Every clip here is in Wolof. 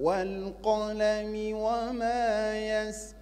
والقلم وما يسطرون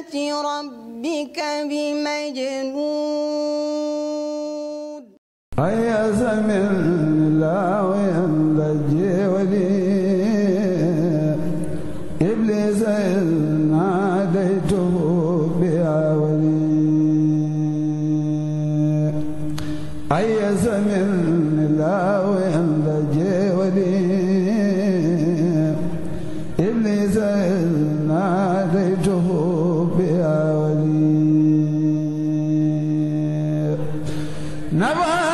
رحمة ربك بمجنون هيا زمن لا وينضج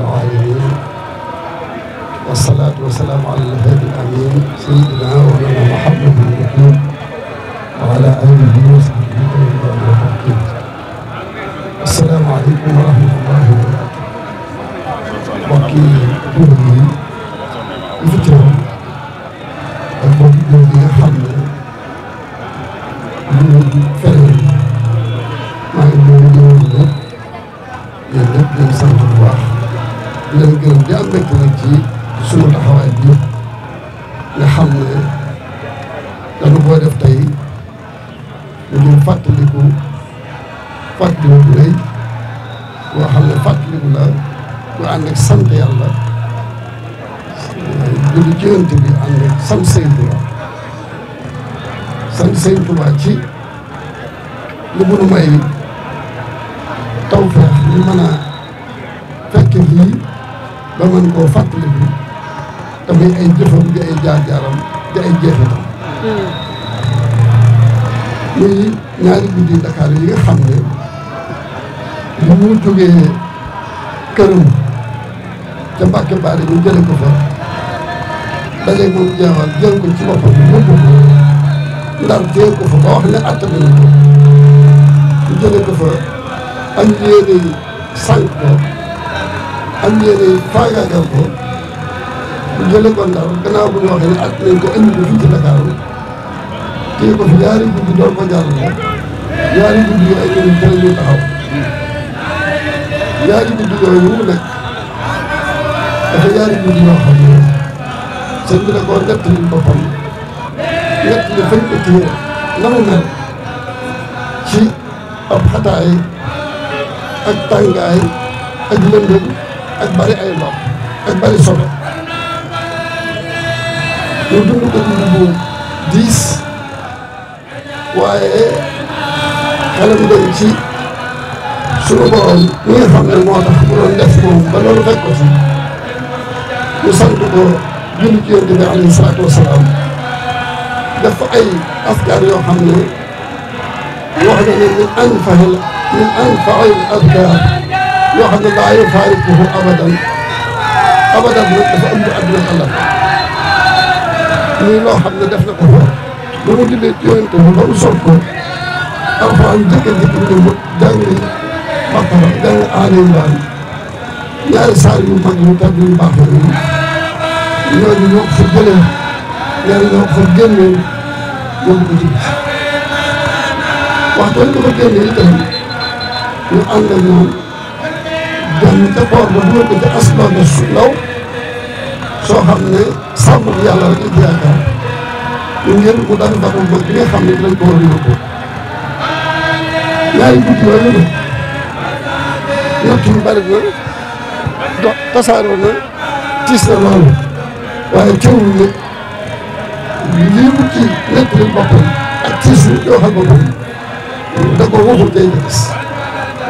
العالمين والصلاة والسلام على الهادي الأمين سيدنا ومولانا محمد المكين وعلى آله وصحبه أجمعين وبارك السلام عليكم ورحمة الله وبركاته mbokk yi góor yi ñu fi teew ak mbokk góor yi nga xam ne ñu ngi di feneen maa ngi leen di ñëw ñëpp yéen ñëpp di sant bu baax di leen gërëm sunu taxawaay bi nga def tey dañu fàttaliku fàttaliku bu rëy boo may tawfeex li mën a fekk lii ba mën koo fàttaliku te muy ay jëfam di ay jaar-jaaram di ay jeexitam muy ñaari guddi Dakar yi nga xam ne bu mu jógee këram ca Mbàkke Baari ñu jële ko fa dajeeg moom jeexal jël ko ci boppam yóbbu ko ndar téye ko fa ba wax ne attan nañ ko fa am yéene sànq ko am yéene faagaagal ko bu jëlee ko Ndar gannaaw bu ñu waxee ne at nañ ko indi ko fii ci Ndakaaru téye ko fi ñaari guddi doon ko jaarale ñaari guddi yooyu ay ñoom jëlee ñu taxaw ñaari guddi yooyu mu nekk dafa ñaari guddi yoo xam ne sëñ bi da koo nett li boppam nett li fañ ko téye na mu mel ci ab xataay ak tàngaay ak lëndëm ak bari ay lox ak bari sobe ñu dund dund diis waaye xelam day ci sunu borom mi moo tax mu doon def moom ba loolu fekk ko fi ñu sant ci yonent salaatu wasalaam def ko ay askar yoo wax na ne min anfaxil min anfaxil adkaar yoo xam ne laa yufaariquhu abadan abadan nag dafa ëmb àdduna ak àllam lii loo xam ne def na ko fa mu liggéey yonente bi ba mu sol ko alxuraan jékki-jékki mu ñëw jàng Baqara jàng Aali Imraan ñaari saar yu mag yu baax la ñooñu ñoo ko fa jëlee ñaari ñoo ko fa génnee yóbbu ko ci ñu tegoon na wóor ko ci asamaan na su law soo xam ne sàmm yàlla rek lañ yaakaar ñun ñëpp ku daan dàqul ba ki nga xam ne dinañ ko war a yóbbu ñaari guddi yooyu la ñett bari na tasaaroo na tiis na loolu waaye teewul nag lii mu ci nekk leen boppam ak tiis yi yoo xam boppam da ko waxul day gis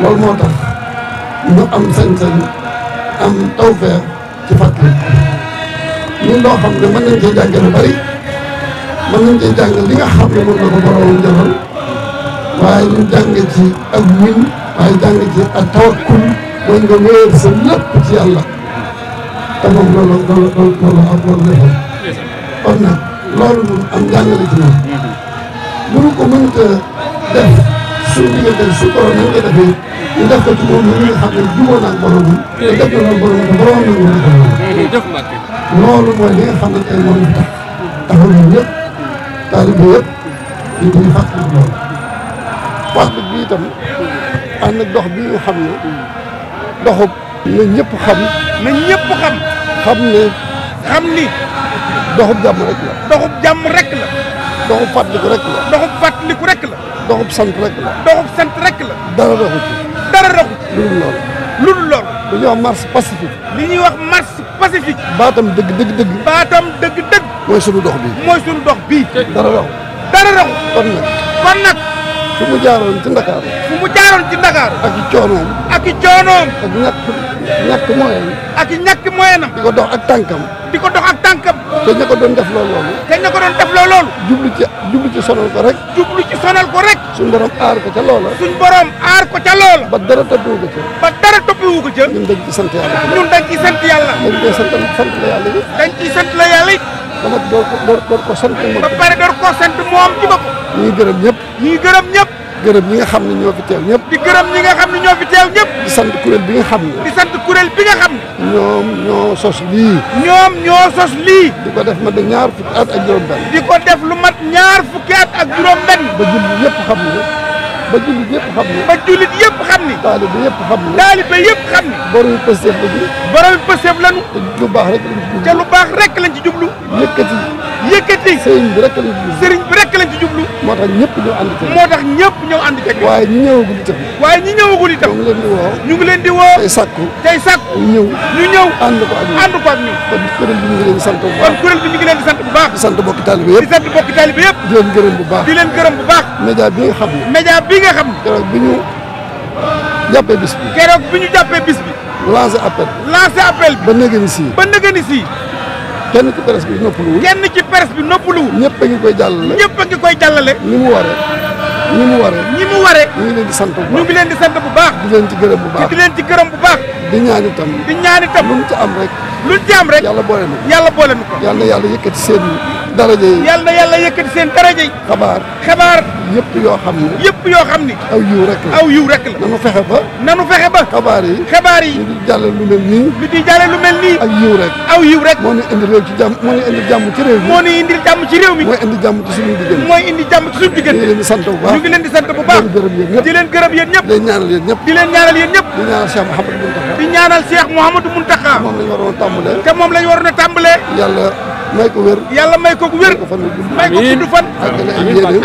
loolu moo tax. ñu am sañ-sañ am tawfeex ci fàttali ñun loo xam ne mën nañ cee jànge lu bari mën nañ cee jàng li nga xam ne moom la ko boroom jëfal waaye ñu jàng ci ak win waaye jàng ci ak tawakkul mooy nga wéer sa lépp ci yàlla te loolu loolu am jàngale ci ñun mënu mm-hmm. ko mënta def suñu diggante su borom nañ ko defee ñu def ko ci moom mi loolu mooy li xam ne tax taxul ñun ñëpp taalib bi yëpp ñu ngi fàttali loolu waxtu bi itam ànd dox bi nga xam ne doxub na ñëpp xam xam xam ne xam ni doxub jàmm rek la doxub fàttaliku rek la. doxub fàttaliku rek la. doxub sant rek la. doxub sant rek la. dara doxu ci. dara doxu ci. lu dul loolu. lu dul loolu. li ñuy wax marche pacifique. li ñuy wax marche pacifique. baatam dëgg dëgg dëgg. baatam dëgg dëgg. mooy sunu dox bii. mooy sunu dox bii. dara doxu. dara doxu. kon nag. kon nag. fu mu jaaroon ci Ndakaaru. fu mu jaaroon ci Ndakaaru. ak i coonoom. ak i coonoom. ak ñàkk ñàkk moyen. ak i ñàkk moyen am. di ko dox ak tànkam. di ko dox ak tànkam. te ña ko doon def loolu loolu te ña ko doon def loolu loolu jublu ci jublu ci sonal ko rek jublu ci sonal ko rek suñ borom aar ko ca loola suñ borom aar ko ca loola ba dara toppiwu ko ca ba dara toppiwu ko ca ñun dañ ci sant yàlla ñun dañ ci sant yàlla dañ koy sant sant la yàlla yi dañ ci sant la yàlla it ba nag door ko door ko sant moom ba pare door ko sant moom ci bopp ñuy gërëm ñëpp ñuy gërëm ñëpp gërëm ñi nga xam ne ñoo fi teew ñëpp di gërëm ñi nga xam ne ñoo fi teew ñëpp di sant kuréel bi nga xam ne di sant kuréel bi nga xam ne ñoom ñoo sos lii ñoom ñoo sos lii di ko def mat na ñaar fukki at ak juróom di ko def lu mat ñaar fukki at ak juróom benn ba jullit yëpp xam ne ba jullit yëpp xam ne ba jullit yëpp xam ne taalibe yëpp xam ne taalibe yëpp xam ne borom rek lañ ci jublu te lu yëkkati sëriñ bi rek lañ ci jublu sëriñ bi rek lañ ci jublu moo tax ñëpp ñëw ànd ceeg moo tax ñëpp ñëw ànd ceeg waaye ñi ñëwagul itam waaye ñi ñëwagul itam ñu ngi leen di ñu ngi leen di woo tey sàkku tey ñëw ñu ñëw ànd ko ak ñu ànd ko ak ñu kon kuréel bi ñu ngi sant bu baax bi ñu ngi leen di sant bu baax di sant di leen gërëm bu baax di leen gërëm bu baax média bi nga xam ne média bi nga xam ne keroog bi ñu jàppee bis bi keroog bi ñu jàppee bis bi lancé appel lancé appel ba nëgëni si ba nëgëni si kenn ci presse bi noppaluwul kenn ci presse bi noppaluwul ñëpp a ngi koy jàllale ñëpp a ngi koy jàllale ni mu waree ni mu waree ni mu waree ñu ngi leen di sant bu baax ñu ngi leen di sant bu baax di leen ci gërëm bu baax di leen ci gërëm bu baax di ñaan tam di ñaan itam ci am rek luñ ci am rek yàlla boole na yàlla boole na ko yàlla na yàlla yëkkati seen daraja yi yàlla na seen daraja yi xabaar xabaar yëpp yoo xam ne yëpp yoo xam ni aw yiw rek la aw yiw rek la nanu fexe ba nanu fexe ba xabaar yi xabaar yi di di jàlle lu mel nii ak yiw rek aw yiw rek moo ñu indi réew ci jàmm moo ñu indi jàmm ci réew mi moo ñu indi jàmm ci réew mi mooy indi jàmm ci suñu diggante mooy indi jàmm ci suñu diggante ñu ngi leen di sant bu baax ñu ngi leen di sant bu baax yéen ñëpp di leen ñëpp di leen ñaanal yéen di ñaanal Cheikh Mouhamadou Mountakha. moom la ñu waroon a tàmbalee. te moom la ñu waroon a tàmbalee. yàlla may ko wér. yàlla may ko wér. may ko gudd fan.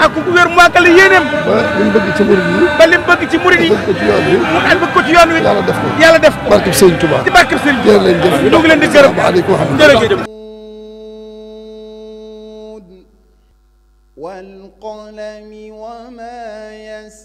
ak ku wér mu àggale yéeneem. ba li mu bëgg ci murid yi. ba li mu bëgg ci murid yi. bëgg ko ci yoon wi. mu ànd bëgg ko ci yoon wi. yàlla def ko yàlla def ko. barkeb Sëriñ Touba. ci barkeb Sëriñ Touba. jërë leen jëf. ñu ngi leen di gërëm jërëjëf. والقلم وما يسر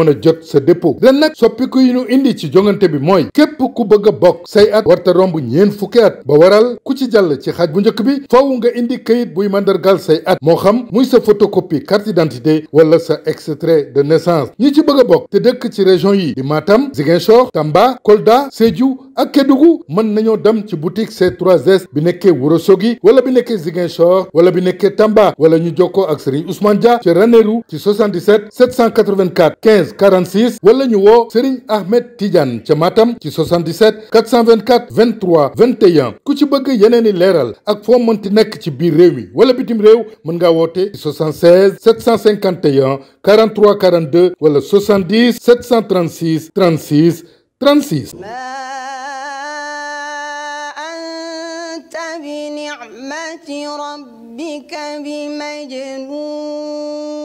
mën a jot sa dépôt ren nag soppiku yi ñu indi ci jongante bi mooy képp ku bëgg a bokk say at warta romb ñeen fukki at ba waral ku ci jàll ci xaaj bu njëkk bi faaw nga indi kayit buy mandargal say at moo xam muy sa photocopie carte d'identité wala sa extrait de naissance ñi ci bëgg a bokk te dëkk ci région yi di Matam Ziguinchor Tamba Kolda Sédhiou ak Kédougou mën nañoo dem ci boutique C3S bi nekkee Ourossogui wala bi nekkee Ziguinchor wala bi nekkee Tamba wala ñu jokkoo ak Serigne Ousmane Dia 13 46 wala ñu woo Serigne Ahmed Tidiane ca Matam ci 77 ku ci bëgg yeneen i leeral ak foo mënti nekk ci biir réew mi wala bitim réew mën nga woote 76 751 43 42 wala 70 736 36 36. bi ni'mati rabbika bi majnun